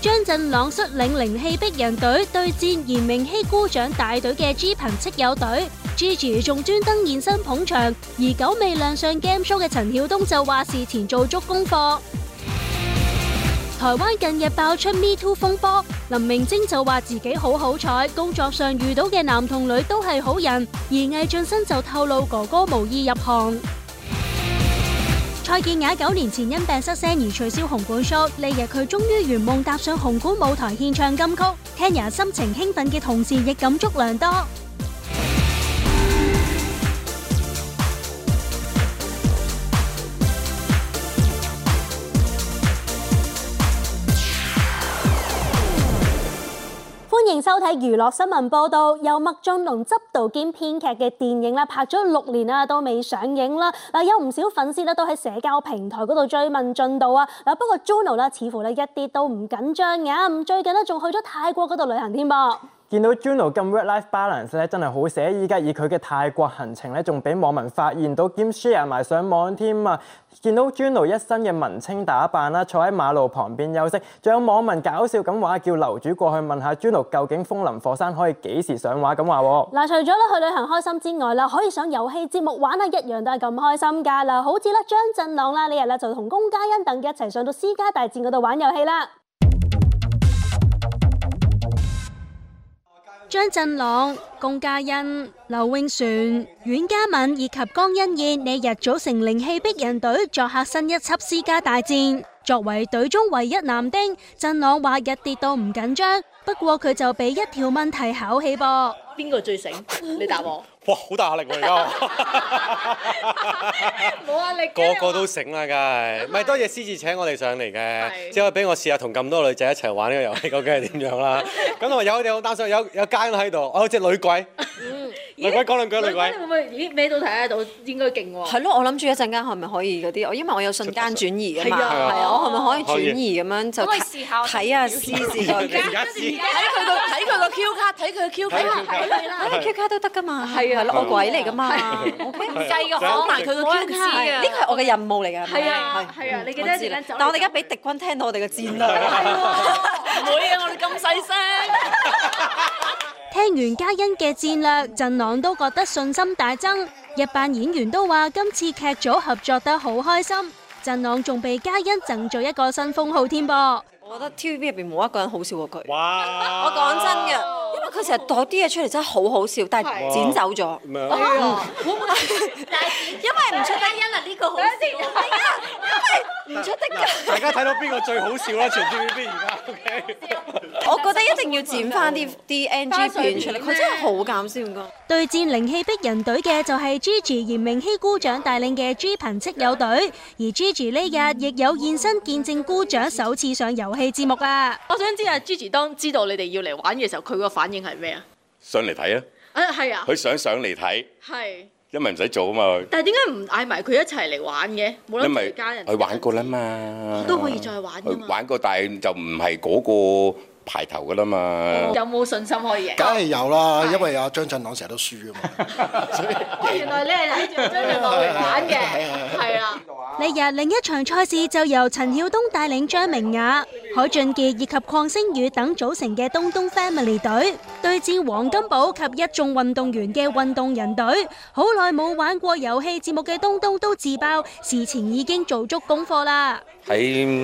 張振朗率領靈氣逼人隊對戰嚴明熙孤掌大隊嘅 G 朋戚友隊，Gigi 仲專登現身捧場。而久未亮相 Game Show 嘅陳曉東就話事前做足功課。 台灣近日爆出 Me Too 風波，林明晶就話自己好好彩，工作上遇到嘅男同女都係好人。而魏俊生就透露哥哥無意入行。蔡健雅九年前因病失聲而取消紅館 show，呢日佢終於圓夢踏上紅館舞台獻唱金曲，Tanya 心情興奮嘅同時亦感觸良多。歡迎收睇娛樂新聞報道。由麥浚龍執導兼編劇嘅電影咧，拍咗六年啊，都未上映啦。嗱，有唔少粉絲咧都喺社交平台度追問進度啊。嗱，不過 Juno 似乎咧一啲都唔緊張嘅，最近咧仲去咗泰國嗰度旅行添。見到 Juno 咁 Red Life balance 咧，真係好寫！依家以佢嘅泰國行程咧，仲俾網民發現到兼 share 埋上網添啊！見到 Juno 一身嘅文青打扮啦，坐喺馬路旁邊休息，仲有網民搞笑咁話，叫樓主過去問下 Juno 究竟風林火山可以幾時上畫咁話。嗱，除咗咧去旅行開心之外啦，可以上遊戲節目玩下一樣都係咁開心噶啦，好似咧張振朗啦，呢日咧就同龔嘉欣等一齊上到私家大戰嗰度玩遊戲啦。張振朗、龔嘉欣、劉穎璇、阮嘉敏以及江欣燕呢日組成靈氣逼人隊，作客新一輯私家大戰。作為隊中唯一男丁，振朗話日跌都唔緊張，不過佢就俾一條問題考起噃。邊個最醒？你答我。哇，好大壓力喎，啊！而家，冇壓力，啊，個個都醒啦，梗係咪多謝獅子請我哋上嚟嘅，只可以俾我試下同咁多女仔一齊玩呢個遊戲究竟係點樣啦？咁啊， 有啲我擔心有有街都喺度，哦，隻女鬼。嗯。而家講兩句女鬼，你會唔會咦咩都睇得到？應該勁喎。係咯，我諗住一陣間係咪可以嗰啲？因為我有瞬間轉移啊嘛。係啊，係啊，我係咪可以轉移咁樣就睇啊試試？而家而家而家睇佢個睇佢個 Q 卡，睇佢個 Q 卡，睇佢個 Q 卡都得㗎嘛。係啊，係咯，我鬼嚟㗎嘛，我唔計個講埋佢個 Q 卡。呢個係我嘅任務嚟㗎。係啊，係啊，你幾多時間，但我哋而家俾敵軍聽到我哋嘅戰略。唔會嘅，我哋咁細聲。聽完嘉欣嘅戰略振朗都覺得信心大增，日班演員都話今次劇組合作得好開心。振朗仲被嘉欣贈做一個新封號添噃。我覺得 TVB 入邊冇一個人好笑過佢。哇！我講真嘅，因為佢成日帶啲嘢出嚟真係好好笑，但係剪走咗。唔係因為唔出嘉音啦，呢個好笑。唔出得噶，大家睇到邊個最好笑啦？全 TVB 而家，OK 我覺得一定要剪翻啲啲 NG 片出嚟，佢 真係好搞笑。對戰靈氣逼人隊嘅就係 Gigi 嚴明熙姑丈帶領嘅 G 朋戚友隊，而 Gigi 呢日亦有現身見證姑丈首次上遊戲節目啊！我想知啊，Gigi 當知道你哋要嚟玩嘅時候，佢個反應係咩啊？上嚟睇啊！啊，係啊，佢上上嚟睇。係。因為唔使做啊嘛，但係點解唔嗌埋佢一齊嚟玩嘅？冇諗其他人去玩過啦嘛，都可以再玩噶嘛。玩過，但係就唔係嗰個。排頭噶啦嘛，有冇信心可以贏？梗係有啦，因為阿張振朗成日都輸㗎嘛。哦，原來你係張振朗嚟玩嘅，係啊！呢 日，日另一場賽事就由陳曉東帶領張明雅、海俊傑以及鄺星宇等組成嘅東東 Family 隊對戰黃金寶及一眾運動員嘅運動人隊。好耐冇玩過遊戲節目嘅東東都自爆，事前已經做足功課啦。喺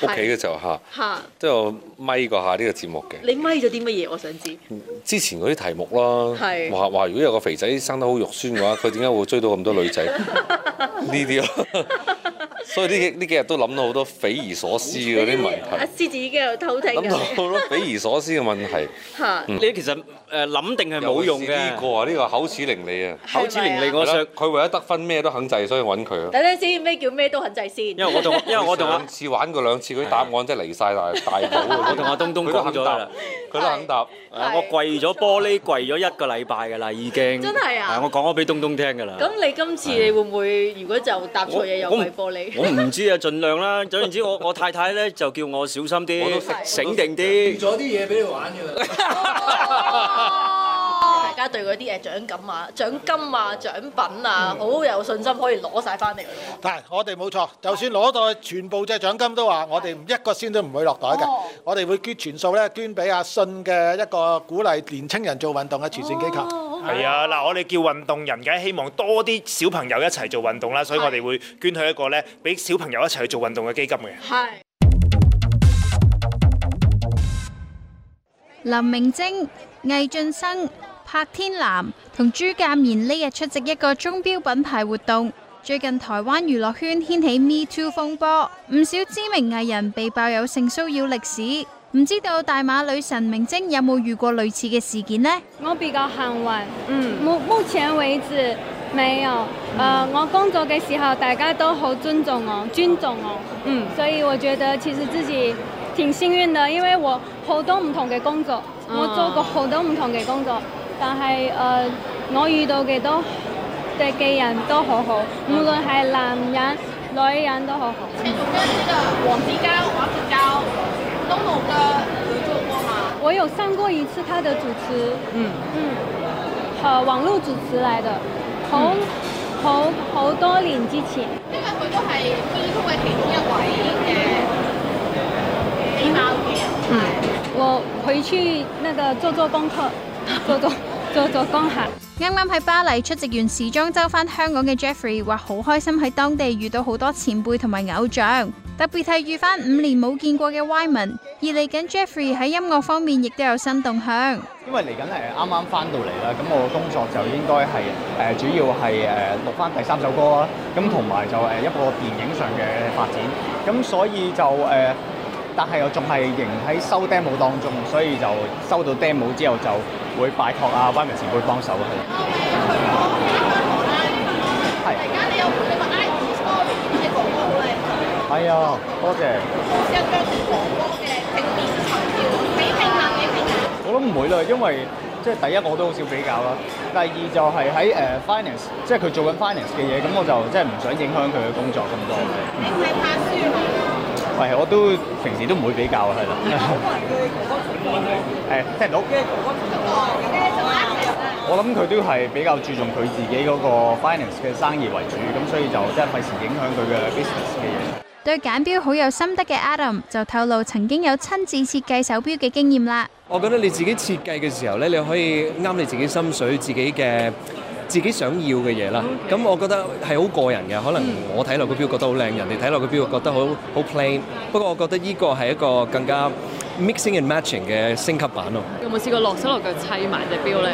屋企嘅時候嚇，即係咪過下呢個節目嘅？你咪咗啲乜嘢？我想知。之前嗰啲題目咯，話話的如果有個肥仔生得好肉酸嘅話，佢點解會追到咁多女仔？呢啲咯。 所以呢幾呢幾日都諗到好多匪夷所思嗰啲問題。獅子已經有偷聽。諗到好多匪夷所思嘅問題。嚇！你其實誒諗定係冇用嘅。呢個啊，呢個口齒伶俐啊。口齒伶俐，我想佢為咗得分咩都肯制，所以揾佢啊。等陣先，咩叫咩都肯制先。因為我同因為我同次玩過兩次，嗰啲答案真係離晒大大譜啊！我同阿東東講咗啦。佢都肯答。我跪咗玻璃跪咗一個禮拜㗎啦，已經。真係啊！我講咗俾東東聽㗎啦。咁你今次你會唔會如果就答錯嘢又跪玻璃？我唔知啊，盡量啦。總言之，我我太太咧就叫我小心啲，醒定啲。攰咗啲嘢俾你玩㗎啦。大家對嗰啲嘢獎金啊、獎金啊、獎品啊，好有信心可以攞晒翻嚟。但係我哋冇錯，就算攞到全部隻獎金都話，我哋一個先都唔會落袋嘅。我哋會捐全數咧，捐俾阿信嘅一個鼓勵年輕人做運動嘅慈善機構。係啊！嗱，我哋叫運動人，梗係希望多啲小朋友一齊做運動啦，所以我哋會捐去一個咧，俾小朋友一齊去做運動嘅基金嘅。係是。林明晶、魏俊生、柏天藍同朱鑑然呢日出席一個鐘錶品牌活動。最近台灣娛樂圈掀起 Me Too 風波，唔少知名藝人被爆有性騷擾歷史。唔知道大馬女神明晶有冇遇過類似嘅事件呢？我比較幸運，嗯，目目前為止沒有。呃，我工作嘅時候大家都好尊重我，尊重我。嗯，所以我覺得其實自己挺幸運的，因為我好多唔同嘅工作，我做過好多唔同嘅工作，但係呃我遇到嘅都嘅嘅人都好好，無論係男人女人都好好。嗯王我有上過一次他的主持，嗯嗯、啊，網絡主持來的，從從好，好多年之前，因為佢都係都係其中一位嘅，我回去那個做做功課，做做做做功課。啱啱喺巴黎出席完時裝週返香港嘅 Jeffrey 話好開心喺當地遇到好多前輩同埋偶像。特別係遇翻五年冇見過嘅 Wyman，而嚟緊 Jeffrey 喺音樂方面亦都有新動向。因為嚟緊係啱啱翻到嚟啦，咁我工作就應該係誒、呃、主要係誒錄翻第三首歌啦，咁同埋就誒一個電影上嘅發展，咁所以就誒、呃，但係我仲係仍喺收 Demo 當中，所以就收到 Demo 之後就會拜託阿 Wyman 前輩幫手嘅。 係啊，多謝。有腳骨黃黃嘅，整面長條，比拼下，比拼下。我諗唔會啦，因為即係第一，我都好少比較啦。第二就係喺誒 finance，即係佢做緊 finance 嘅嘢，咁我就即係唔想影響佢嘅工作咁多。你睇下書好冇？係，我都平時都唔會比較啊，係啦。因為佢我唔問你。誒，聽到。我諗佢都係比較注重佢自己嗰個 finance 嘅生意為主，咁所以就即係費事影響佢嘅 business 嘅嘢。對簡表好有心得嘅 Adam 就透露曾經有親自設計手表嘅經驗啦。我覺得你自己設計嘅時候咧，你可以啱你自己心水、自己嘅自己想要嘅嘢啦。咁 Okay.、嗯、我覺得係好個人嘅，可能我睇落個表覺得好靚，人哋睇落個表又覺得好好 plain。不過我覺得呢個係一個更加 mixing and matching 嘅升級版咯。有冇試過落手落腳砌埋隻表咧？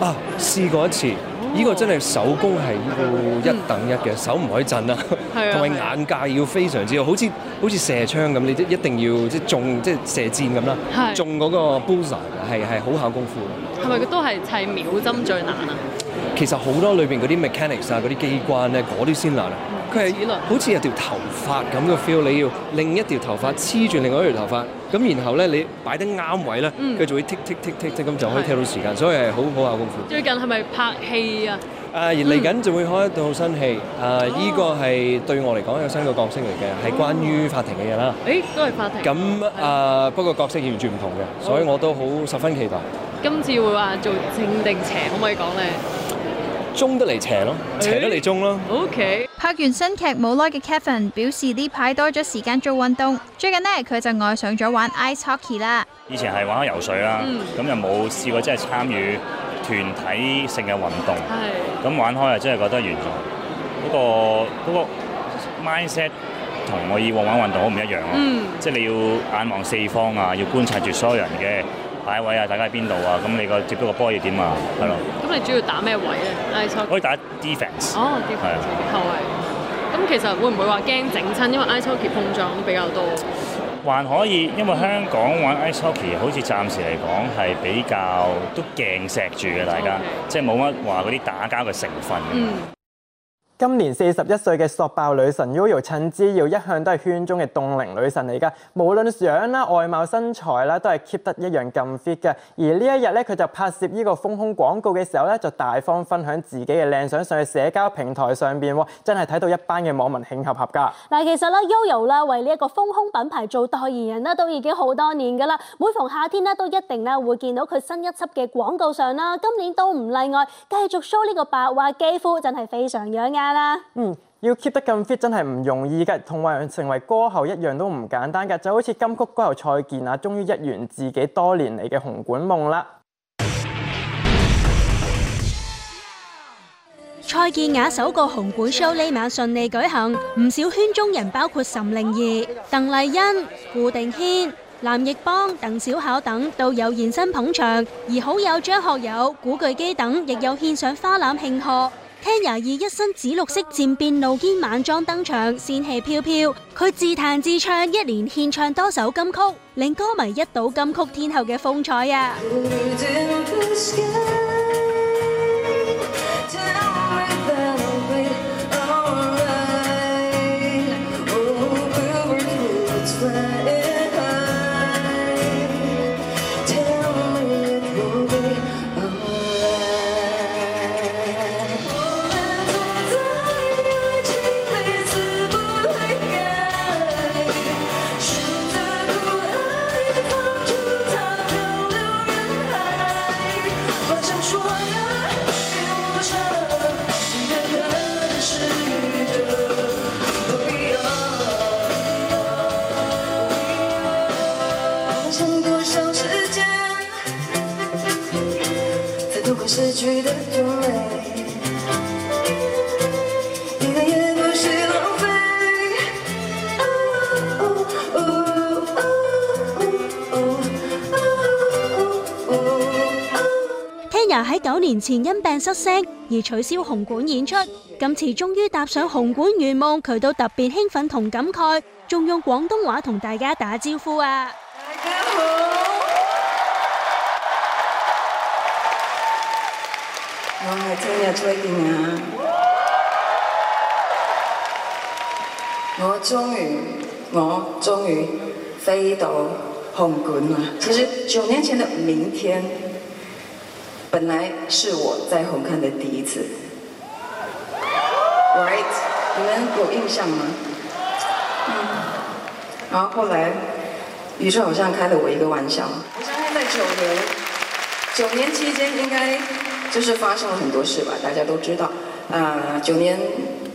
啊，試過一次。呢個真係手工係呢個一等一嘅，嗯、手唔可以震啦、啊，同埋、啊、眼界要非常之好，好似好似射槍咁，你即一定要即係中即係射箭咁啦，是中嗰個 booster 係係好考功夫。係咪佢都係係秒針最難啊？其實好多裏邊嗰啲 mechanics 啊，嗰啲機關咧，嗰啲先難。佢係演啦，好似有條頭髮咁嘅 feel，你要另一條頭髮黐住另外一條頭髮。咁然後咧，你擺得啱位咧，佢就會剔剔剔剔 t 咁就可以睇到時間，的所以係好好下功夫。最近係咪拍戲啊？而嚟緊就會開一套新戲，誒依、嗯啊這個係對我嚟講有新嘅角色嚟嘅，係、嗯、關於法庭嘅嘢啦。誒、哎，都係法庭。咁誒那的、啊，不過角色完全唔同嘅，所以我都好、嗯、十分期待。今次會話做正定邪，可唔可以講咧？中得嚟斜咯，斜得嚟中咯。OK。拍完新劇冇耐嘅 Kevin 表示呢排多咗時間做運動，最近呢，佢就愛上咗玩 ice hockey 啦。以前係玩下游水啦，咁又冇試過真係參與團體性嘅運動。咁、嗯、玩開啊，真係覺得原來嗰個嗰個 mindset 同我以往玩運動好唔一樣咯、啊。嗯、即係你要眼望四方啊，要觀察住所有人嘅。下一位啊！大家喺邊度啊？咁你接到個接嗰個波要點啊？係咯。咁你主要打咩位咧？Ice hockey？可以打 defense。哦，defense。係啊，球位。咁其實會唔會話驚整親？因為 Ice hockey 碰撞比較多。還可以，因為香港玩 Ice hockey 好似暫時嚟講係比較都勁錫住嘅大家，Okay. 即係冇乜話嗰啲打交嘅成分。嗯。今年四十一歲嘅索爆女神 Yoyo 陳自瑤一向都係圈中嘅凍齡女神嚟噶，無論樣啦、外貌、身材啦，都係 keep 得一樣咁 fit 嘅。而呢一日咧，佢就拍攝呢個豐胸廣告嘅時候咧，就大方分享自己嘅靚相上去社交平台上邊，真係睇到一班嘅網民慶合合噶。嗱，其實咧，Yoyo 啦為呢一個豐胸品牌做代言人咧，都已經好多年㗎啦。每逢夏天咧，都一定咧會見到佢新一輯嘅廣告上啦，今年都唔例外，繼續 show 呢個白滑肌膚，真係非常養眼。嗯，要 keep 得咁 fit 真係唔容易嘅，同為成為歌后一樣都唔簡單嘅，就好似金曲歌后蔡健雅終於一圓自己多年嚟嘅紅館夢啦。蔡健雅首個紅館 show 呢晚順利舉行，唔少圈中人包括岑寧兒、鄧麗欣、顧定軒、藍奕邦、鄧小巧等都有現身捧場，而好友張學友、古巨基等亦有獻上花籃慶賀。聽廿以一身紫綠色漸變露肩晚裝登場，仙氣飄飄。佢自彈自唱，一連獻唱多首金曲，令歌迷一睹金曲天后嘅風采啊！九年前因病失聲而取消紅館演出，今次終於踏上紅館圓夢，佢都特別興奮同感慨，仲用廣東話同大家打招呼啊！大家好，我係聽日蔡健雅，我終於，我終於飛到紅館啦！其實九年前的明天。本來是我在紅磡的第一次，Right？你們有印象嗎？嗯。然後後來，宇宙好像開了我一個玩笑。我相信在九年，九年期間應該就是發生了很多事吧，大家都知道。啊、呃，九年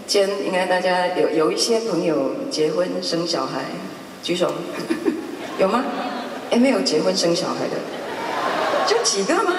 間應該大家有有一些朋友結婚生小孩，舉手。 有嗎？哎，沒有結婚生小孩的，就幾個嗎？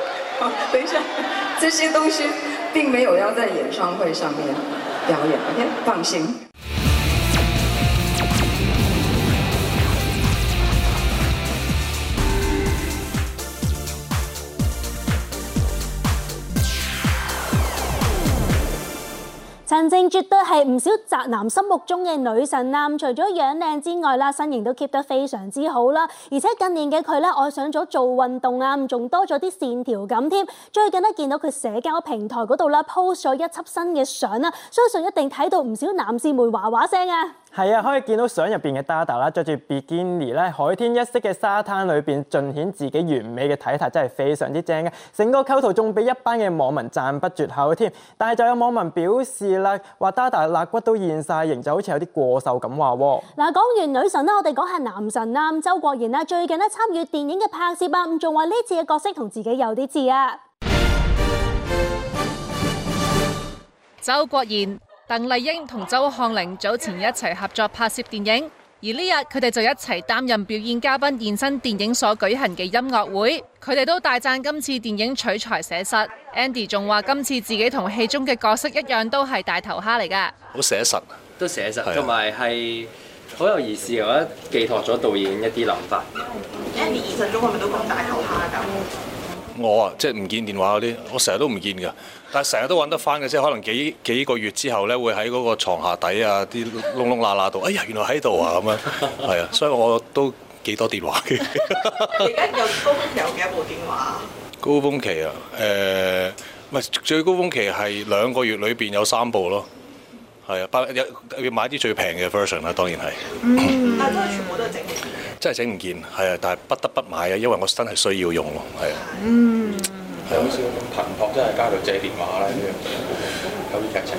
等一下，這些東西並沒有要在演唱會上面表演，OK，放心。陳靜絕對係唔少宅男心目中嘅女神啦、啊！除咗樣靚之外啦，身形都 keep 得非常之好啦，而且近年嘅佢呢愛上咗做運動啊，咁仲多咗啲線條感添。最近呢見到佢社交平台嗰度啦，post 咗一輯新嘅相啦，相信一定睇到唔少男士們嘩嘩聲啊！係啊，可以見到相入邊嘅 Dada 啦，着住 Bikini 咧，海天一色嘅沙灘裏邊，盡顯自己完美嘅體態，真係非常之正嘅。成個溝圖仲俾一班嘅網民讚不絕口添。但係就有網民表示啦，話 Dada 肋骨都現晒形，就好似有啲過瘦咁話。嗱，講完女神啦，我哋講下男神啦，周國賢啦，最近呢參與電影嘅拍攝啊，仲話呢次嘅角色同自己有啲似啊。周國賢。鄧麗英同周漢寧早前一齊合作拍攝電影，而呢日佢哋就一齊擔任表演嘉賓現身電影所舉行嘅音樂會。佢哋都大讚今次電影取材寫實。Andy 仲話今次自己同戲中嘅角色一樣都係大頭蝦嚟噶。好寫實，都寫實，同埋係好有意思嘅，我寄託咗導演一啲諗法。Andy 現實中係咪都咁大頭蝦咁？我啊，即係唔見電話嗰啲，我成日都唔見噶。但係成日都揾得翻嘅啫，可能幾幾個月之後咧，會喺嗰個牀下底啊、啲窿窿罅罅度，哎呀，原來喺度啊，咁樣係 啊，所以我都幾多電話嘅。而 家有高峰，有幾多部電話？高峰期啊，誒、呃，唔係最高峰期係兩個月裏邊有三部咯。係啊，百有要買啲最平嘅 version 啦、啊，當然係。嗯，但係都全部都係整唔見。真係整唔見，係啊，但係不得不買啊，因為我真係需要用咯，係啊。嗯。有少少頻撲，即係加佢借電話咧，啲咁嘅劇情。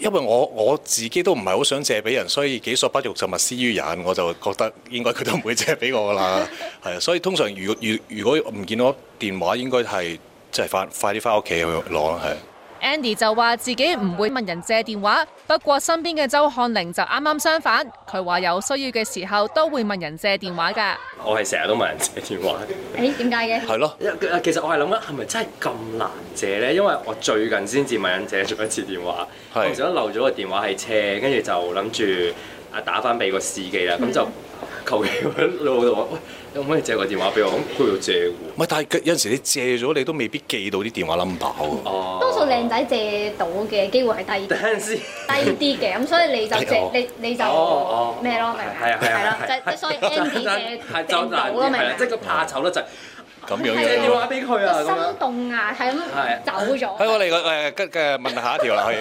因為我我自己都唔係好想借俾人，所以己所不欲就勿施於人，我就覺得應該佢都唔會借俾我啦。係啊，所以通常如果如如果唔見到電話，應該係即係快快啲返屋企去攞啦。係。Andy 就話自己唔會問人借電話，不過身邊嘅周漢寧就啱啱相反，佢話有需要嘅時候都會問人借電話噶。我係成日都問人借電話。誒、哎，點解嘅？係 咯。其實我係諗緊係咪真係咁難借呢？因為我最近先至問人借咗一次電話，其實都漏咗個電話喺車，跟住就諗住啊打翻俾個司機啦，咁、嗯、就。求其揾你老豆話，喂，可唔可以借個電話俾我？佢要借。唔係，但係有陣時你借咗，你都未必記到啲電話 number 哦。多數靚仔借到嘅機會係低。有陣時低啲嘅，咁所以你就借，你你就咩咯？係啊係啊。即係所以 Andy 借都走咯，明即係個怕醜得滯。咁樣係借電話俾佢啊！咁啊。心動啊，係咁走咗。睇我哋個誒，問下一條啦，可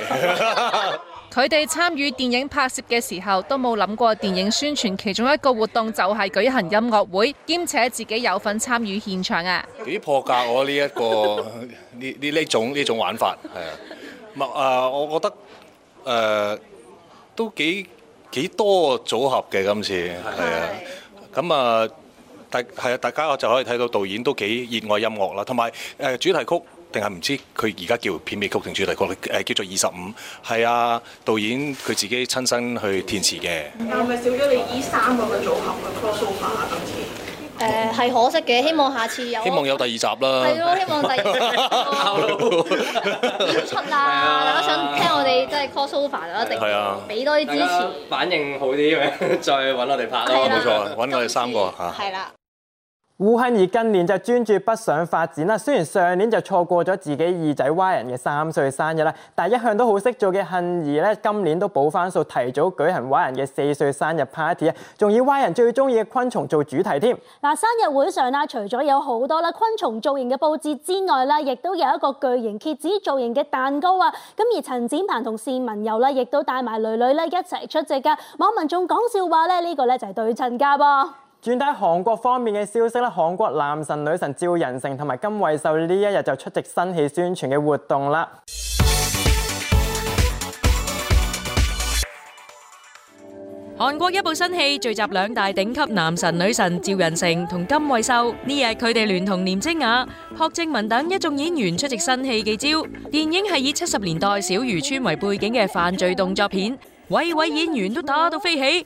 以。佢哋參與電影拍攝嘅時候，都冇諗過電影宣傳其中一個活動就係舉行音樂會，兼且自己有份參與現場嘅、啊。幾破格，我呢一個呢呢呢種呢種玩法係啊，啊，我覺得誒、呃、都幾幾多組合嘅今次係啊，咁啊，大係啊，大家我就可以睇到導演都幾熱愛音樂啦，同埋誒主題曲。定係唔知佢而家叫片尾曲定主題曲，誒叫做二十五，係啊，導演佢自己親身去填詞嘅，又咪少咗你依三個嘅組合去 crossover 次，誒係可惜嘅，希望下次有，希望有第二集啦，係咯， 希望第二集 出啦，的大家想聽我哋即係 crossover 一定係啊的，俾多啲支持，的反應好啲再揾我哋拍咯，冇錯，揾的我哋三個嚇。次胡杏兒近年就專注北上發展啦，雖然上年就錯過咗自己二仔 Y 人嘅三歲生日啦，但係一向都好識做嘅杏兒咧，今年都補翻數，提早舉行 Y 人嘅四歲生日 party 啊，仲以 Y 人最中意嘅昆蟲做主題添。嗱，生日會上啦，除咗有好多啦昆蟲造型嘅佈置之外啦，亦都有一個巨型蠍子造型嘅蛋糕啊。咁而陳展鵬同單文柔啦，亦都帶埋女女咧一齊出席㗎。網民仲講笑話咧，呢、呢個咧就係對親家噃。轉睇韓國方面嘅消息啦。韓國男神女神趙仁成同埋金惠秀呢一日就出席新戲宣傳嘅活動啦。韓國一部新戲聚集兩大頂級男神女神趙仁成同金惠秀，呢日佢哋聯同廉晶雅、朴正民等一眾演員出席新戲嘅記招。電影係以七十年代小漁村為背景嘅犯罪動作片，位位演員都打到飛起。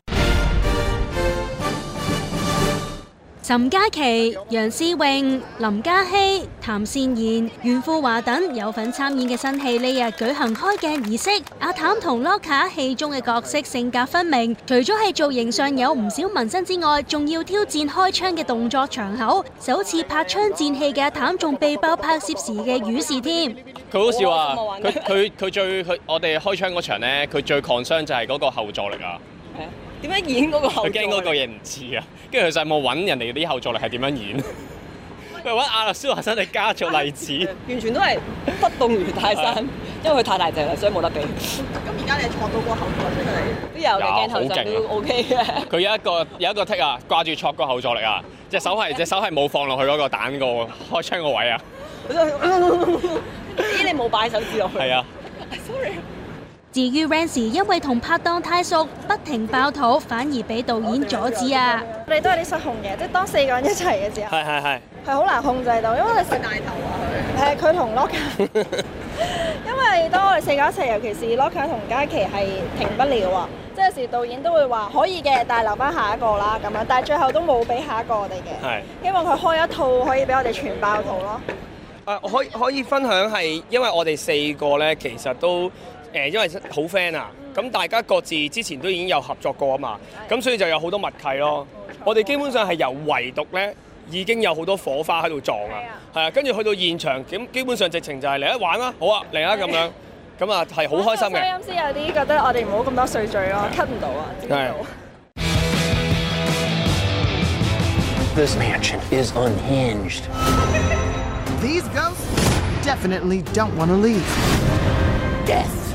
林嘉琪、楊思穎、林嘉熙、譚善言、袁富華等有份參演嘅新戲，呢日舉行開鏡儀式。阿譚同 Loka 戲中嘅角色性格分明，除咗係造型上有唔少紋身之外，仲要挑戰開槍嘅動作場口。首次拍槍戰戲嘅阿譚仲被爆拍攝時嘅雨事添。佢好笑啊！佢佢佢最佢我哋開槍嗰場呢，佢最抗傷就係嗰個後座力啊。點樣演嗰個後？佢驚嗰個嘢唔似啊！跟住佢就冇揾人哋啲後座力係點樣演？佢揾阿諾舒華辛力加做例子。 完全都係不動如泰山，因為佢太大隻啦，所以冇得比。咁而家你挫到個後座出嚟，啲遊記鏡頭上都 OK 嘅。佢有一個有一個 take 啊，掛住挫個後座力啊，隻手係隻手係冇放落去嗰個蛋個喎，開槍個位 啊。咦？你冇擺手指落去。係啊。Sorry。至於 Rance，因為同拍檔太熟，不停爆肚，反而俾導演阻止啊！ 嗯、我哋都有啲失控嘅，即係當四個人一齊嘅時候，係係係，係 好樂難控制到，因為你成大頭啊佢。同、就是、 Loka 因為當我哋四個一齊，尤其是 Loka 同嘉琪係停不了啊！即係有時導演都會話可以嘅，但係留翻下一個啦咁樣，但係最後都冇俾下一個我哋嘅，係 希望佢開一套可以俾我哋全爆肚咯。誒， uh, 可以可以分享係因為我哋四個咧，其實都。誒，因為好 friend 啊，咁大家各自之前都已經有合作過啊嘛，咁所以就有好多默契咯。我哋基本上係由唯獨咧已經有好多火花喺度撞啊，係啊，跟住去到現場咁，基本上直情就係嚟一玩啦，好啊，嚟啦，咁樣，咁啊係好開心嘅。啱先有啲覺得我哋唔好咁多碎嘴咯，cut 唔到啊，點解？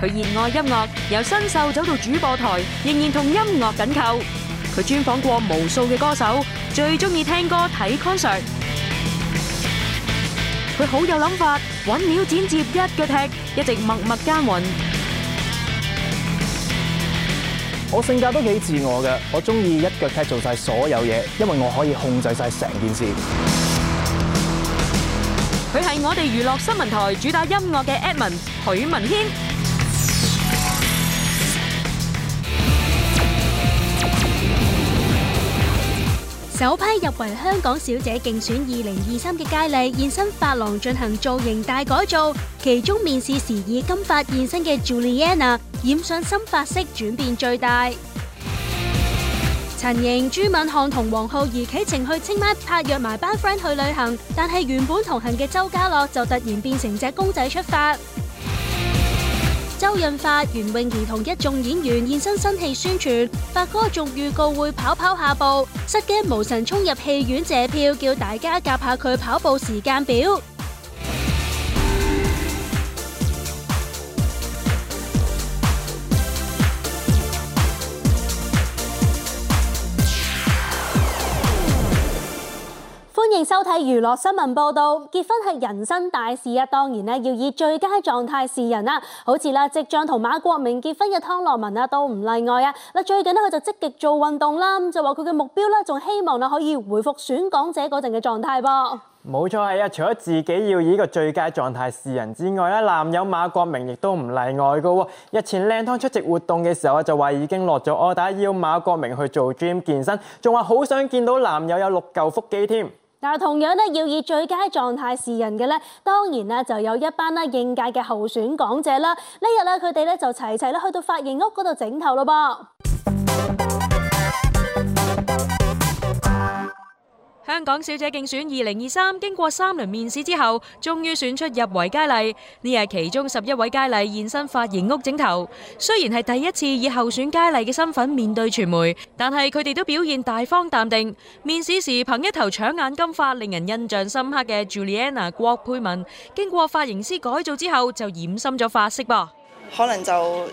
佢熱愛音樂，由新秀走到主播台，仍然同音樂緊扣。佢專訪過無數嘅歌手，最中意聽歌睇 concert。佢好有諗法，搵料剪接，一腳踢，一直默默耕耘。我性格都幾自我嘅，我中意一腳踢做晒所有嘢，因為我可以控制晒成件事。佢係我哋娛樂新聞台主打音樂嘅 Edwin 許文軒。首批入圍香港小姐競選二零二三嘅佳麗，現身髮廊進行造型大改造，其中面試時以金髮現身嘅 Juliana 染上新髮色，轉變最大。陳瀅、朱敏瀚同黃浩儀啟程去清邁拍約埋班。周潤發、袁詠儀同一眾演員現身新戲宣傳，發哥仲預告會跑跑下步，失驚無神衝入戲院借票，叫大家夾下佢跑步時間表。收睇娛樂新聞報道，結婚係人生大事啊！當然咧，要以最佳狀態示人啦。好似咧，即將同馬國明結婚嘅湯洛雯啊，都唔例外啊。嗱，最近呢，佢就積極做運動啦，就話佢嘅目標咧，仲希望咧可以回復選港姐嗰陣嘅狀態噃。冇錯係啊！除咗自己要以個最佳狀態示人之外咧，男友馬國明亦都唔例外噶。日前靚湯出席活動嘅時候啊，就話已經落咗 order，要馬國明去做 gym 健身，仲話好想見到男友有六嚿腹肌添。嗱，同樣要以最佳狀態示人嘅咧，當然就有一班咧應屆嘅候選港姐啦。呢日咧佢哋就齊齊去到髮型屋嗰度整頭咯噃。香港小姐競選二零二三經過三輪面試之後，終於選出入圍佳麗。呢日其中十一位佳麗現身髮型屋整頭。雖然係第一次以候選佳麗嘅身份面對傳媒，但係佢哋都表現大方淡定。面試時憑一頭搶眼金髮令人印象深刻嘅 Juliana 郭佩文，經過髮型師改造之後就染深咗髮色噃。可能就誒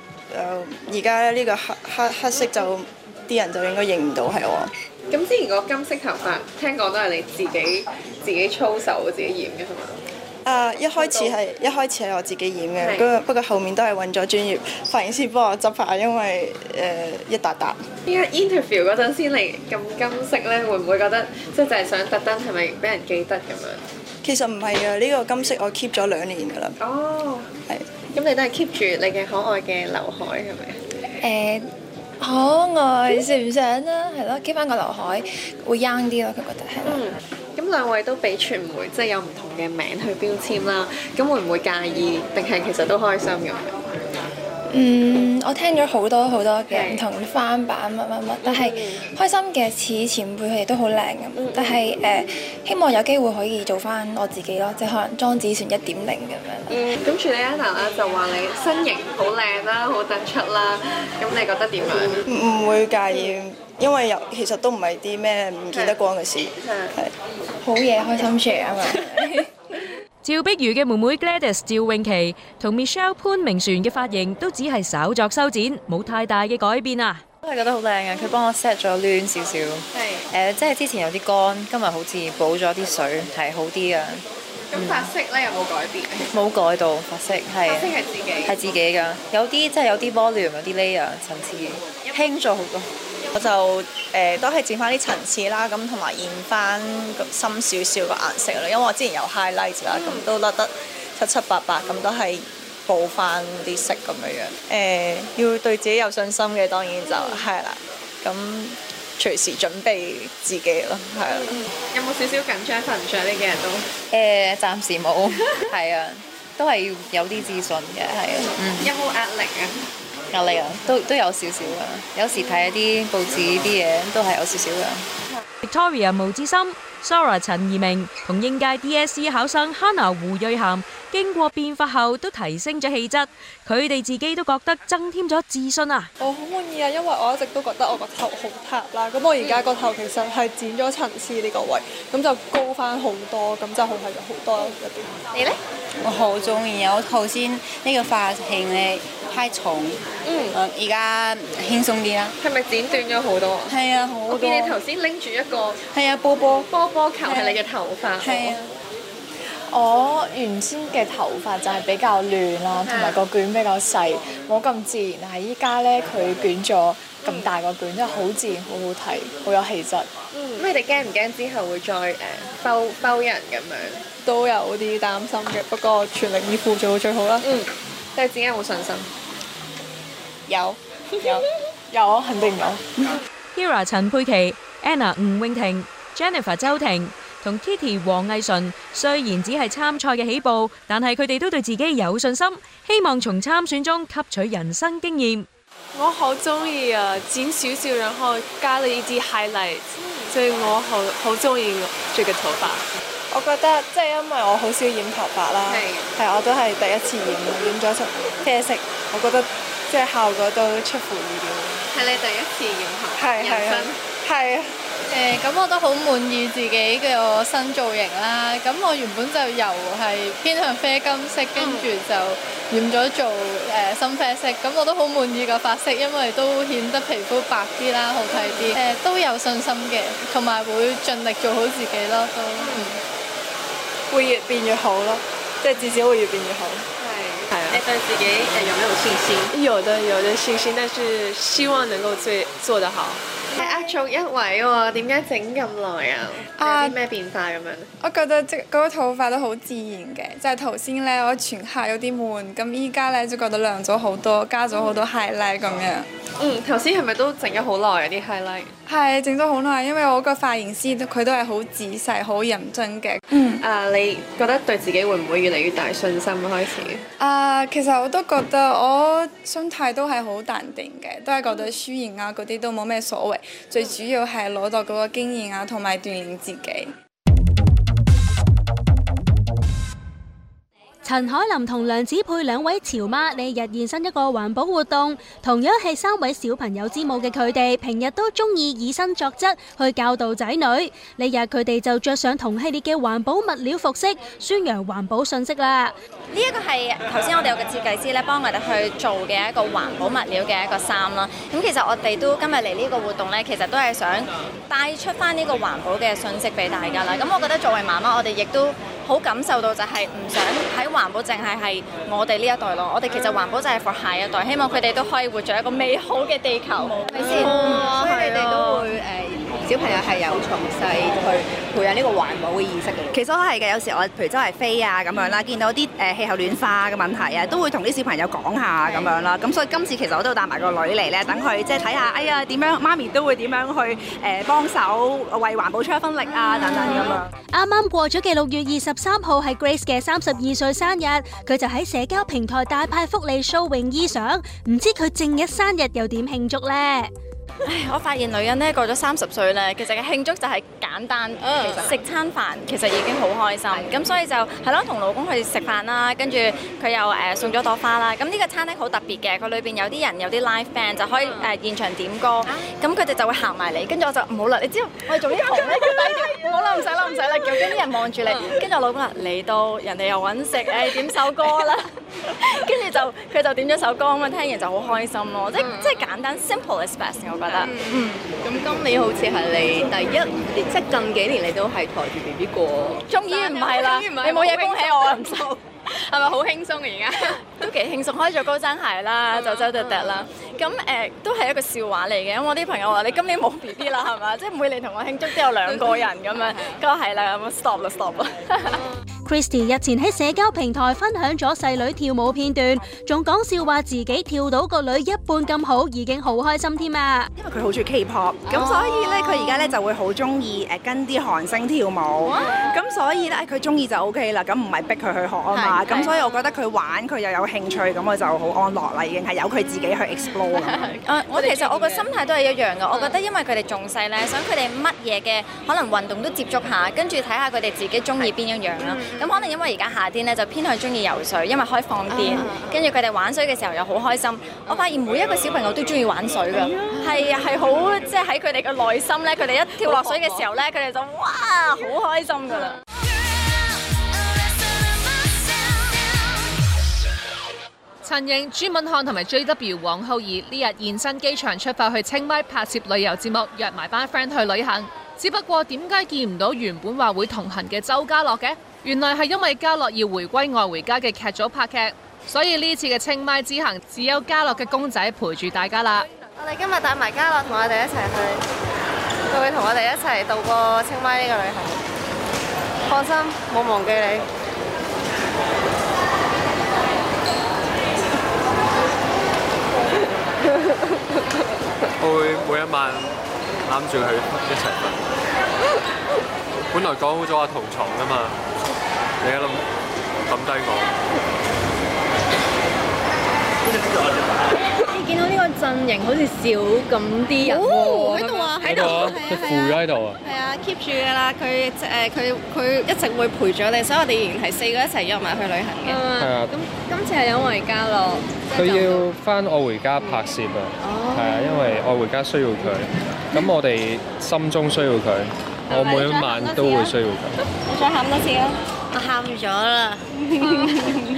而家呢個黑黑，黑色就啲人就應該認唔到係我。咁之前個金色頭髮，聽講都係你自己自己操手自己染嘅係嘛？啊，uh, 一開始係多一開始係我自己染嘅，不過是不過後面都係揾咗專業髮型師幫我執髮，因為誒、呃、一笪笪。依家 interview 陣先嚟咁金色呢？會唔會覺得即係就係、是、想特登係咪俾人記得咁樣？其實唔係啊，呢、呢個金色我 keep 咗兩年㗎啦。哦、oh, 是，係。咁你都係 keep 住你嘅可愛嘅劉海係咪？誒。Uh, 可、哦、愛攝影啦，係咯，keep 翻個劉海會 young 啲咯，佢覺得係嗯，咁、嗯、兩位都俾傳媒即係、就是、有唔同嘅名去標籤啦，咁會唔會介意？定係其實都開心咁樣？嗯嗯嗯，我聽咗好多好多嘅唔同翻版乜乜乜，但係開心嘅似前輩佢哋都好靚咁，但係誒、呃、希望有機會可以做翻我自己咯，即係可能莊子璇一點零咁樣。嗯，咁全禮一頭咧就話你身形好靚啦，好突出啦，咁你覺得點啊？唔、嗯、會介意，因為又其實都唔係啲咩唔見得光嘅事，係好嘢，開心 share 啊！嗯 趙碧如嘅妹妹 Gladys 趙詠琪同 Michelle 潘明璇嘅髮型都只係稍作修剪，冇太大嘅改變啊！都係覺得好靚啊！佢幫我 set 咗攣少少，係誒，即係之前有啲乾，今日好似補咗啲水，係好啲啊！咁髮色咧有冇改變？冇改到髮色，係髮色係自己，係自己噶。有啲即係有啲 volume，有啲 layer 甚至輕咗好多。我就誒、呃、都係剪翻啲層次啦，咁同埋染翻深少少個顏色啦，因為我之前有 highlight 啦，咁都甩得七七八八，咁都係補翻啲色咁樣樣。誒、呃、要對自己有信心嘅，當然就係啦。咁隨、嗯、時準備自己咯，係啦。有冇少少緊張啊？瞓唔着呢幾日都？誒暫、呃、時冇，係啊， 都係要有啲自信嘅，係啊。嗯嗯、有冇壓力啊？壓力啊，都都有少少噶。有時睇一啲報紙啲嘢，都係有少少噶。Victoria 毛志心、Sora 陳怡明同應屆 DSE 考生 Hanna 胡瑞涵經過變化後，都提升咗氣質。佢哋自己都覺得增添咗自信啊！我好滿意啊，因為我一直都覺得我個頭好塌啦。咁我而家個頭其實係剪咗層次呢個位，咁就高翻好多，咁就好睇咗好多。你呢？我,我好中意啊！我頭先呢個髮型咧。太重，嗯，而家輕鬆啲啦。係咪剪短咗好多？係啊，好多。我見你頭先拎住一個，係啊，波波波波球係你嘅頭髮。係啊，我原先嘅頭髮就係比較亂啦，同埋個捲比較細，冇咁自然。但係依家咧，佢捲咗咁大個捲，真係好自然，好好睇，好有氣質。嗯。咁你哋驚唔驚之後會再誒摺摺人咁樣？都有啲擔心嘅，不過全力以赴做到最好啦。嗯。自己有冇信心？ 有有有，肯定有。Here a r 陳佩琪、Anna 吳詠婷、Jennifer 周婷同 Kitty 黃藝順。雖然只係參賽嘅起步，但係佢哋都對自己有信心，希望從參選中吸取人生經驗。我好中意啊，剪少少，然後加了一啲 h i 所以我好好中意呢個頭髮。我覺得即係、就是、因為我好少染頭髮啦，係的我都係第一次染，的染咗出啡色，我覺得。即係效果都出乎意料，係你第一次染髮，染分，係啊。咁、啊呃、我都好滿意自己嘅新造型啦。咁我原本就由係偏向啡金色，跟住就染咗做誒、呃、深啡色。咁我都好滿意個髮色，因為都顯得皮膚白啲啦，好睇啲。誒、呃，都有信心嘅，同埋會盡力做好自己咯，都嗯，會越變越好咯，即係至少會越變越好。對自己有沒有信心？有的，有的信心，但是希望能夠最做，做得好。阿卓一位喎，點解整咁耐啊？有咩變化咁樣？我覺得即嗰個頭髮都好自然嘅，就係頭先咧我全黑有啲悶，咁依家咧就覺得亮咗好多，加咗好多 highlight 咁樣。嗯，頭先係咪都整咗好耐啊啲 highlight？係整咗好耐，因為我個髮型師佢都係好仔細、好認真嘅。嗯。誒，uh, 你覺得對自己會唔會越嚟越大信心開始？啊，uh, 其實我都覺得我心態都係好淡定嘅，都係覺得輸贏啊嗰啲都冇咩所謂，最主要係攞到嗰個經驗啊，同埋鍛鍊自己。陳凱琳同梁子佩兩位潮媽呢日現身一個環保活動，同樣係三位小朋友之母嘅佢哋，平日都中意以身作則去教導仔女。呢日佢哋就着上同系列嘅環保物料服飾，宣揚環保信息啦。呢一個係頭先我哋有個設計師咧，幫我哋去做嘅一個環保物料嘅一個衫啦。咁其實我哋都今日嚟呢個活動咧，其實都係想帶出翻呢個環保嘅信息俾大家啦。咁我覺得作為媽媽，我哋亦都好感受到就係唔想喺環保淨係係我哋呢一代咯。我哋其實環保就係 for 下一代，希望佢哋都可以活著一個美好嘅地球，係咪先？所以你哋都會誒，小朋友係有從細去培養呢個環保嘅意識嘅。其實都係嘅，有時我譬如周圍飛啊咁樣啦，見到啲誒，氣候暖化嘅問題啊，都會同啲小朋友講下咁樣啦。咁所以今次其實我都帶埋個女嚟咧，等佢即係睇下，哎呀點樣，媽咪都會點樣去誒、呃、幫手為環保出一分力啊，等等咁啊。啱啱過咗嘅六月二十三號係 Grace 嘅三十二歲生日，佢就喺社交平台大派福利 show 泳衣相，唔知佢正日生日又點慶祝呢？唉，我發現女人咧過咗三十歲咧，其實嘅慶祝就係簡單，其實食餐飯其實已經好開心。咁 所以就係咯，同老公去食飯啦，跟住佢又誒、呃、送咗朵花啦。咁、嗯、呢、這個餐廳好特別嘅，佢裏邊有啲人有啲 live fan 就可以誒、呃、現場點歌，咁佢哋就會行埋嚟，跟住我就唔好啦，你知道我做啲紅咧，唔使啦，唔使啦，唔使啦， 叫跟啲人望住你。跟住我老公話：你到人哋又揾食，誒、哎、點首歌啦。跟 住就佢就點咗首歌咁啊，聽完就好開心咯、啊。 即即簡單 simple is best 我覺嗯，咁、嗯、今年好似係你第一，年，即係近幾年你都係抬住 B B 過，終於唔係啦，你冇嘢恭喜我啊，唔係，係咪好輕鬆嘅而家？ 都幾輕鬆，可以著高踭鞋啦， 走走趯趯啦。咁誒、 呃，都係一個笑話嚟嘅。咁我啲朋友話：你今年冇 B B 啦，係嘛？ 即係每年同我慶祝都有兩個人咁樣。佢話係啦，咁 stop 啦，stop 啦。Christy 日前喺社交平台分享咗細女跳舞片段，仲講笑話自己跳到個女一半咁好，已經好開心添啊！因為佢好中意 K-pop，咁所以咧佢而家咧就會好中意誒跟啲韓星跳舞，咁所以咧佢中意就 OK 啦，咁唔係逼佢去學啊嘛，咁所以我覺得佢玩佢又有興趣，咁我就好安樂啦，已經係由佢自己去 explore 咁。誒，我其實我個心態都係一樣噶，我覺得因為佢哋仲細咧，想佢哋乜嘢嘅可能運動都接觸下，跟住睇下佢哋自己中意邊一樣咯。咁可能因為而家夏天咧，就偏向中意游水，因為開放啲。啊、跟住佢哋玩水嘅時候又好開心。我發現每一個小朋友都中意玩水㗎，係係好即係喺佢哋嘅內心咧。佢哋一跳落水嘅時候咧，佢哋哼就哇好開心㗎啦。陳盈、朱敏瀚同埋 J.W. 王灝兒呢日現身機場出發去清邁拍攝旅遊節目，約埋班 friend 去旅行。只不過點解見唔到原本話會同行嘅周家樂嘅？原來係因為嘉樂要回歸《愛回家》嘅劇組拍劇，所以呢次嘅清邁之行只有嘉樂嘅公仔陪住大家啦。我哋今日帶埋嘉樂同我哋一齊去，會唔會同我哋一齊度過清邁呢個旅行？放心，冇忘記你。我會，每一晚攬住佢一齊瞓。本來講好咗話同床㗎嘛。你而家諗撳低個，呢隻呢隻我先睇。你見到呢個陣型好似少咁啲人喎？喺度啊！喺度，佢扶咗喺度。係啊，keep 住噶啦，佢誒佢佢一直會陪住你，所以我哋仍然係四個一齊約埋去旅行嘅。係啊，咁今次係因為嘉樂，佢要返《愛回家》拍攝啊，係啊，因為《愛回家》需要佢，咁我哋心中需要佢，我每一晚都會需要佢。你再喊多次啊！我喊咗啦，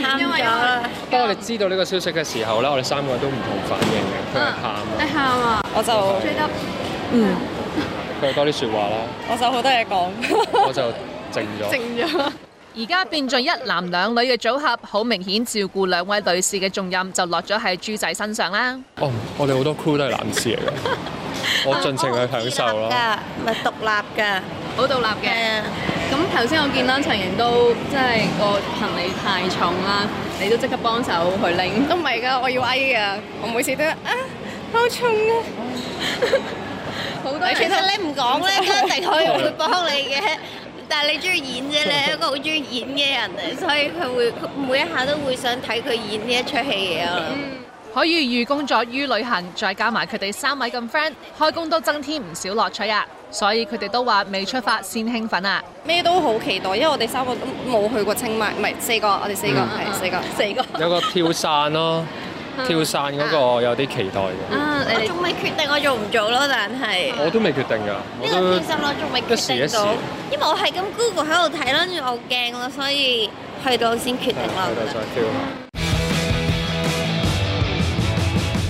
喊咗啦！當我哋知道呢個消息嘅時候咧，我哋三個都唔同反應嘅，佢係喊啊！你喊啊！我就嗯，佢多啲說話啦。我就好多嘢講。 我就靜咗。靜咗了。而家變咗一男兩女嘅組合，好明顯照顧兩位女士嘅重任就落咗喺豬仔身上啦。哦，oh, 我哋好多 crew 都係男士嚟嘅， 我盡情去享受咯，咪獨 立嘅。好獨立嘅，咁頭先我見到，陳瑩都即係個行李太重啦，你都即刻幫手去拎。都唔係噶，我要威噶，我每次都啊，好重啊。好多其實你唔講咧，佢一定可以會幫你嘅。但係你中意演啫，你係一個好中意演嘅人，所以佢會每一下都會想睇佢演呢一出戲嘅。可以寓工作於旅行，再加埋佢哋三位咁 friend，開工都增添唔少樂趣啊！所以佢哋都話未出發先興奮啊！咩都好期待，因為我哋三個都冇去過清邁，唔係四個，我哋四個係四個四個有個跳傘咯，跳傘嗰個有啲期待嘅。啊，uh, 我仲未決定我做唔做咯，但係我都未決定噶，我都一時一時。因為我係咁 Google 喺度睇啦，我驚咯，所以去到先決定咯。對嗯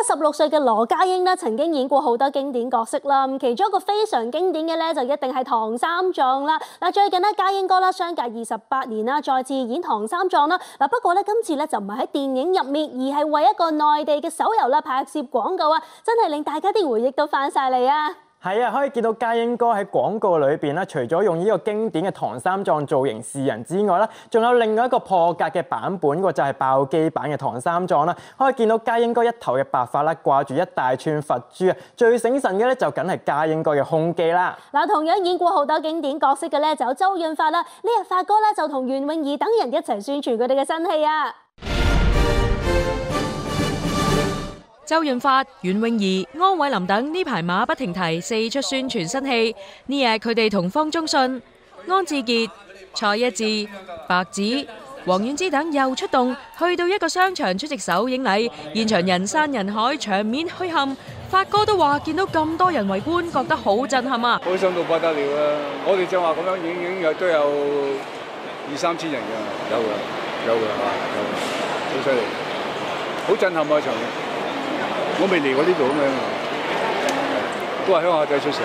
七十六歲嘅羅家英咧，曾經演過好多經典角色啦。其中一個非常經典嘅咧，就一定係唐三藏啦。嗱，最近咧，家英哥啦，相隔二十八年啊，再次演唐三藏啦。嗱，不過咧，今次咧就唔係喺電影入面，而係為一個內地嘅手遊啦拍攝廣告啊！真係令大家啲回憶都翻晒嚟啊！係啊，可以見到家英哥喺廣告裏邊咧，除咗用呢個經典嘅唐三藏造型示人之外咧，仲有另外一個破格嘅版本，個就係、是、爆肌版嘅唐三藏啦。可以見到家英哥一頭嘅白髮啦，掛住一大串佛珠啊，最醒神嘅咧就梗係家英哥嘅胸肌啦。嗱，同樣演過好多經典角色嘅咧，就有周潤發啦。呢日發哥咧就同袁詠儀等人一齊宣傳佢哋嘅新戲啊。周潤發、袁詠儀、安偉林等呢排馬不停蹄四出宣傳新戲。呢日佢哋同方中信、安志杰、蔡一智、白子、王菀之等又出動，去到一個商場出席首映禮。現場人山人海，場面墟冚。發哥都話見到咁多人圍觀，覺得好震撼啊！開心到不得了啦！我哋正話咁樣影影約都有二三千人嘅，有嘅，有嘅，係嘛，有嘅，好犀利，好震撼啊！場面。我未嚟過呢度咁樣，都係鄉下仔出城。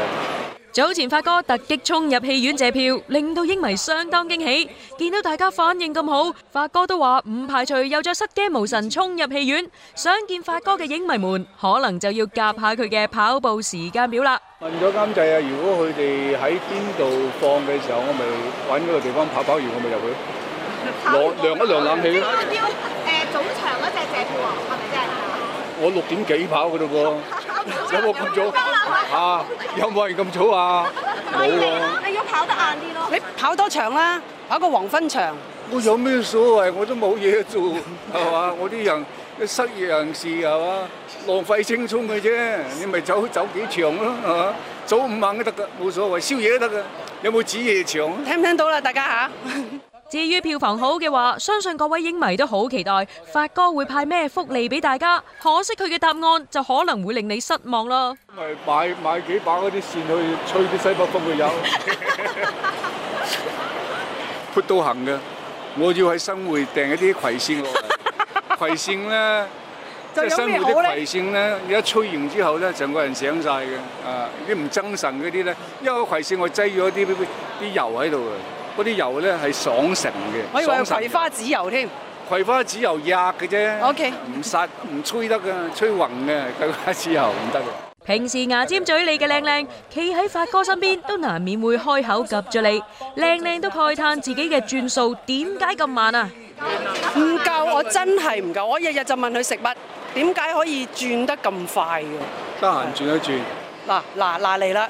早前發哥突擊衝入戲院借票，令到影迷相當驚喜。見到大家反應咁好，發哥都話唔排除有再失驚無神衝入戲院。想見發哥嘅影迷們，可能就要夾下佢嘅跑步時間表啦。問咗監製啊，如果佢哋喺邊度放嘅時候，我咪揾嗰個地方跑跑完，我咪入去。攞涼一涼冷氣啦。要要誒早場嗰隻借票喎，係咪先？我六點幾跑嘅啫喎， 有冇咁早？ 啊，有冇人咁早啊？冇喎，你要跑得晏啲咯。你跑多場啦，跑個黃昏場。我有咩所謂？我都冇嘢做，係嘛？我啲人失業人士，係嘛？浪費青春嘅啫，你咪走走幾場咯，係嘛？早午晚都得㗎，冇所謂，宵夜都得㗎。有冇子夜場？聽唔聽到啦，大家吓、啊。 至於票房好嘅話，相信各位影迷都好期待發哥會派咩福利俾大家。可惜佢嘅答案就可能會令你失望囉。咪買買幾把嗰啲扇去吹啲西北風嘅油，潑都行嘅。我要喺新會訂一啲葵扇落嚟，葵扇咧，即係新會啲葵扇咧，一吹完之後咧，成個人醒晒嘅。啊，啲唔精神嗰啲咧，因為葵扇我擠咗啲啲油喺度啊。嗰啲油咧係爽成嘅，我以為葵花籽油添。葵花籽油壓嘅啫，O K，唔殺唔吹得噶，吹暈嘅葵花籽油唔得喎。平時牙尖嘴利嘅靚靚，企喺發哥身邊都難免會開口夾住你。靚靚都慨嘆自己嘅轉數點解咁慢啊？唔夠，我真係唔夠。我日日就問佢食乜，點解可以轉得咁快嘅？得閒轉一轉。嗱嗱嗱嚟啦！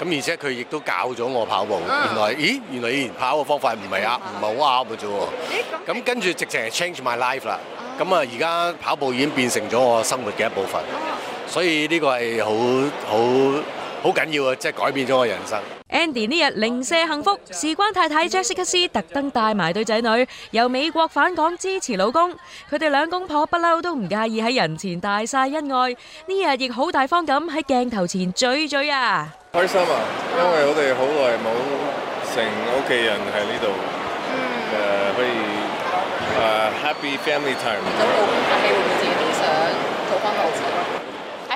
咁而且佢亦都教咗我跑步，原來，咦，原來以前跑嘅方法唔係啱，唔係好啱嘅啫喎，咁跟住直情係 change my life，啦，咁啊，而家跑步已經變成咗我生活嘅一部分，所以呢個係好好好緊要啊！即係改變咗我人生。Andy 呢日零舍幸福，事關太太 Jessica 斯特登帶埋對仔女由美國返港支持老公。佢哋兩公婆不嬲都唔介意喺人前大晒恩愛。呢日亦好大方咁喺鏡頭前咀咀啊！開心啊！因為我哋好耐冇成屋企人喺呢度，誒可以誒 Happy Family Time。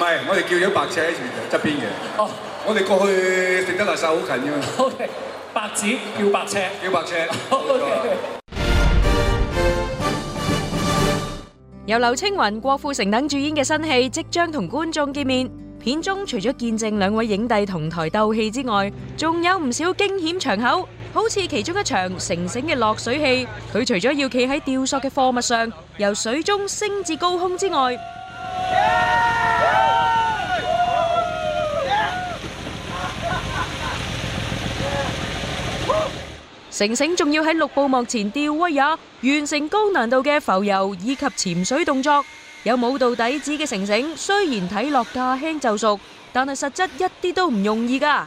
唔係，我哋叫咗白車喺側邊嘅。哦，我哋過去食得垃圾好近嘅嘛。O K，白紙叫白車。叫白車。O K。由劉青雲、郭富城等主演嘅新戲即將同觀眾見面。片中除咗見證兩位影帝同台鬥戲之外，仲有唔少驚險場口，好似其中一場城城嘅落水戲，佢除咗要企喺吊索嘅貨物上，由水中升至高空之外。成成仲要喺六布幕前吊威也，完成高難度嘅浮游以及潛水動作。有舞蹈底子嘅成成，雖然睇落駕輕就熟，但係實質一啲都唔容易㗎。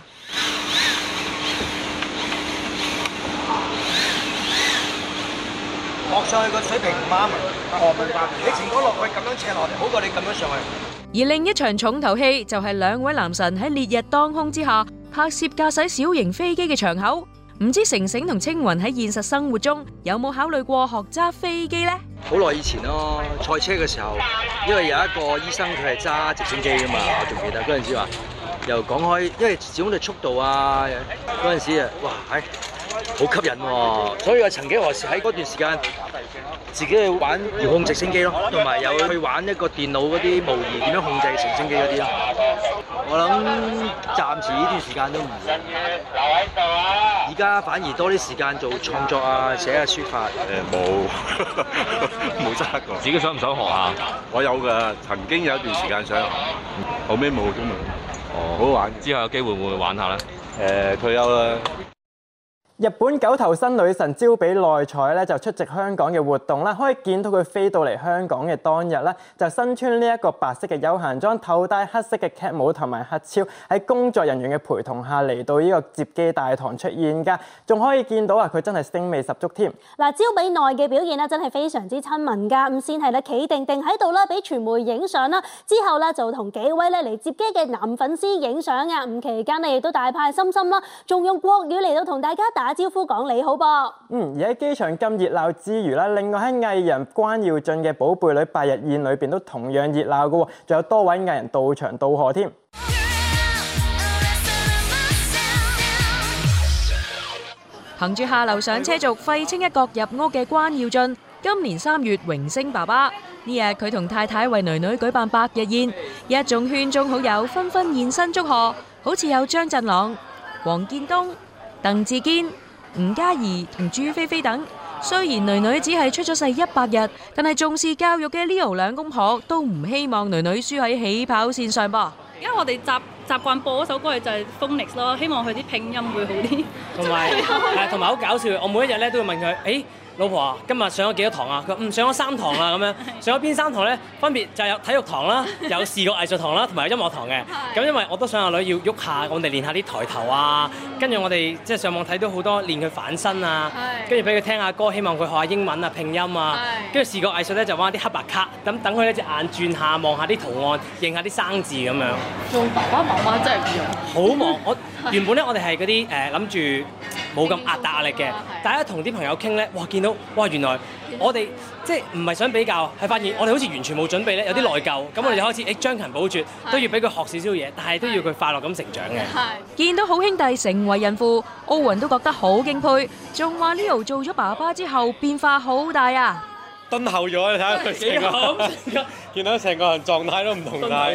落上去個水平唔啱啊！學文化，你前嗰落去咁樣斜落嚟，好過你咁樣上去。而另一場重頭戲就係兩位男神喺烈日當空之下拍攝駕駛小型飛機嘅場口，唔知成成同青雲喺現實生活中有冇考慮過學揸飛機咧？好耐以前咯，賽車嘅時候，因為有一個醫生佢係揸直升機噶嘛，仲記得嗰陣時話又講開，因為始終對速度啊嗰陣時啊，哇！好吸引喎、哦！所以我曾幾何時喺嗰段時間自己去玩遙控直升機咯，同埋又去玩一個電腦嗰啲模擬點樣控制成升機嗰啲咯。我諗暫時呢段時間都唔而家反而多啲時間做創作啊，寫下、啊、書法。誒冇冇揸過，自己想唔想學啊？我有㗎，曾經有一段時間想學，後尾冇咗嘛。都哦，好玩，之後有機會會唔會玩下咧？誒退休啦。日本九頭身女神朝比奈彩咧就出席香港嘅活動啦，可以見到佢飛到嚟香港嘅當日咧，就身穿呢一個白色嘅休閒裝，頭戴黑色嘅 cap 帽同埋黑超，喺工作人員嘅陪同下嚟到呢個接機大堂出現㗎，仲可以見到啊佢真係星味十足添。嗱，朝比奈嘅表現咧真係非常之親民㗎，咁先係啦，企定定喺度啦，俾傳媒影相啦，之後咧就同幾位咧嚟接機嘅男粉絲影相嘅，咁期間咧亦都大派心心啦，仲用國語嚟到同大家打。招呼講你好噃。嗯，而喺機場咁熱鬧之餘呢，另外喺藝人關耀進嘅寶貝女百日宴裏邊都同樣熱鬧嘅，仲有多位藝人到場道賀添。嗯、到到憑住下流上車族廢青一角入屋嘅關耀進，今年三月榮升爸爸。呢日佢同太太為囡囡舉辦百日宴，一眾圈中好友紛紛現身祝賀，好似有張振朗、黃建東、鄧志堅、吳嘉儀同朱菲菲等，雖然女女只係出咗世一百日，但係重視教育嘅 Leo 兩公婆都唔希望女女輸喺起跑線上噃。而家我哋習習慣播嗰首歌係就係 Phonics 咯，希望佢啲拼音會好啲。同埋有，同埋好搞笑，我每一日咧都會問佢，誒、哎。老婆啊，今日上咗幾多堂啊？佢話，嗯上咗三堂啦，咁樣上咗邊三堂咧？分別就有體育堂啦， 有視覺藝術堂啦，同埋音樂堂嘅。咁的因為我都想阿女要喐下，我哋練下啲抬頭啊，跟住、嗯、我哋即係上網睇到好多練佢反身啊，跟住俾佢聽下歌，希望佢學下英文啊、拼音啊，跟住的視覺藝術咧就玩下啲黑白卡，咁等佢咧隻眼轉下望下啲圖案，認下啲生字咁樣。做爸爸媽媽真係要 好忙，我 原本咧我哋係嗰啲誒諗住冇咁壓打壓力嘅， 的大家同啲朋友傾咧，哇見！哇！原來我哋即係唔係想比較，係發現我哋好似完全冇準備咧，有啲內疚。咁我哋開始將勤補拙，都要俾佢學少少嘢，但係都要佢快樂咁成長嘅。見到好兄弟成為人父，奧雲都覺得好敬佩，仲話 Leo 做咗爸爸之後變化好大啊！敦厚咗，你睇下佢成個，見到成個人狀態都唔同晒。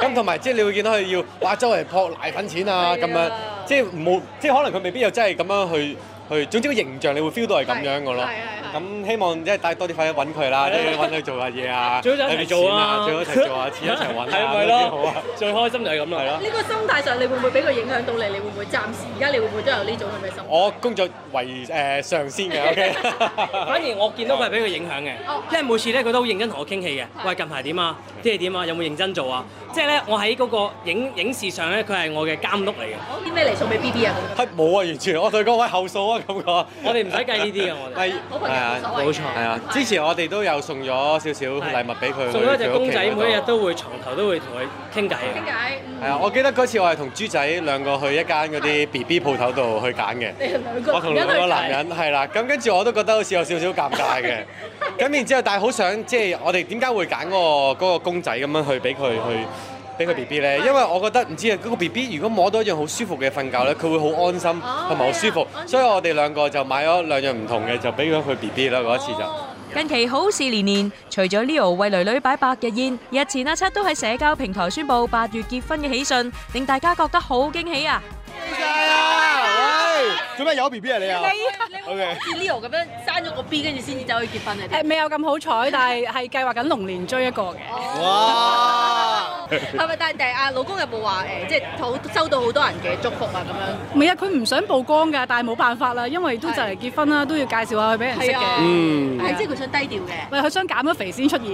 咁同埋即係你會見到佢要話周圍撲奶粉錢啊，咁樣即係冇，即係可能佢未必又真係咁樣去。去總之個形象你會 feel 到係咁樣嘅咯。咁希望即係帶多啲快去揾佢啦，即係揾佢做下嘢啊，一齊做啊，最好一齊做下錢，一齊揾，係咪咯最開心就係咁啦，係咯。呢個心態上你會唔會俾佢影響到你？你會唔會暫時而家你會唔會都有呢種咁嘅心態？我工作為誒上先嘅，O K。反而我見到佢係俾佢影響嘅，即係每次咧佢都好認真同我傾偈嘅，喂近排點啊？即係點啊？有冇認真做啊？即係咧我喺嗰個影影視上咧，佢係我嘅監督嚟嘅。啲咩嚟送俾 B B 啊？冇啊，完全我對嗰位後數啊。咁講，我哋唔使計呢啲嘅，我哋係好朋友啊，冇錯，係啊。之前我哋都有送咗少少禮物俾佢，送咗隻公仔，每日都會床頭都會同佢傾偈。傾偈，係啊！我記得嗰次我係同豬仔兩個去一間嗰啲 BB 鋪頭度去揀嘅。你係兩個，我同兩個男人係啦。咁跟住我都覺得好似有少少尷尬嘅。咁然之後，但係好想即係我哋點解會揀嗰個嗰個公仔咁樣去俾佢去。俾個 B B 咧，因為我覺得唔知啊，嗰個 B B 如果摸到一樣好舒服嘅瞓覺咧，佢會好安心同埋好舒服。所以我哋兩個就買咗兩樣唔同嘅，就俾咗佢 B B 啦嗰一次就。近期好事連連，除咗 Leo 為囡囡擺百日宴，日前阿七都喺社交平台宣布八月結婚嘅喜訊，令大家覺得好驚喜啊！恭喜啊！喂，做咩有 B B 啊你啊？好似 Leo 咁樣生咗個 B，跟住先至走去結婚嘅。誒，未有咁好彩，但係係計劃緊龍年追一個嘅。哇！係咪？但係啊，老公有冇話誒，即係好收到好多人嘅祝福啊，咁樣？唔係啊，佢唔想曝光㗎，但係冇辦法啦，因為都就嚟結婚啦，都要介紹下佢俾人識嘅。嗯，係，即係佢想低調嘅。喂，佢想減咗肥先出現。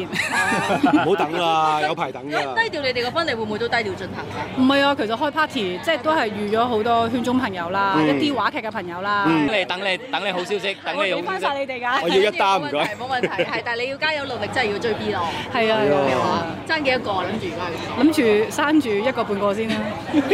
唔好等啦，有排等。咁低調，你哋個婚禮會唔會都低調進行？唔係啊，其實開 party 即係都係預咗好多圈中朋友啦，一啲話劇嘅朋友啦。等你，等你，等你好消息，等我用返晒你哋㗎。我要一單，冇問題，係，但係你要加油努力，真係要追 B 囉。係啊，爭幾多個啊？諗住諗住生住一個半個先啦，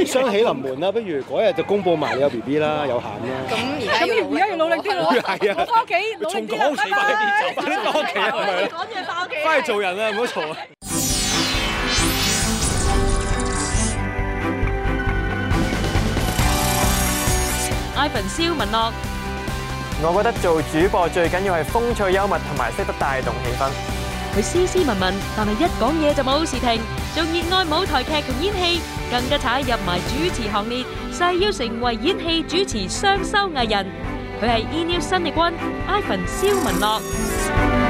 雙喜臨門啦！不如嗰日就公佈埋有 BB 啦，有限啦。咁而家要努力啲咯，翻屋企。重講，快啲做翻屋企啊！咪咯，講嘢翻屋企，翻去做人啦，唔好嘈啊！艾文蕭文樂，我覺得做主播最緊要係風趣幽默同埋識得帶動氣氛。佢斯斯文文，但係一講嘢就冇事停，仲熱愛舞台劇同演戲，更加踩入埋主持行列，誓要成為演戲主持雙收藝人。佢係 Enews 新力軍，Ivan 蕭文樂。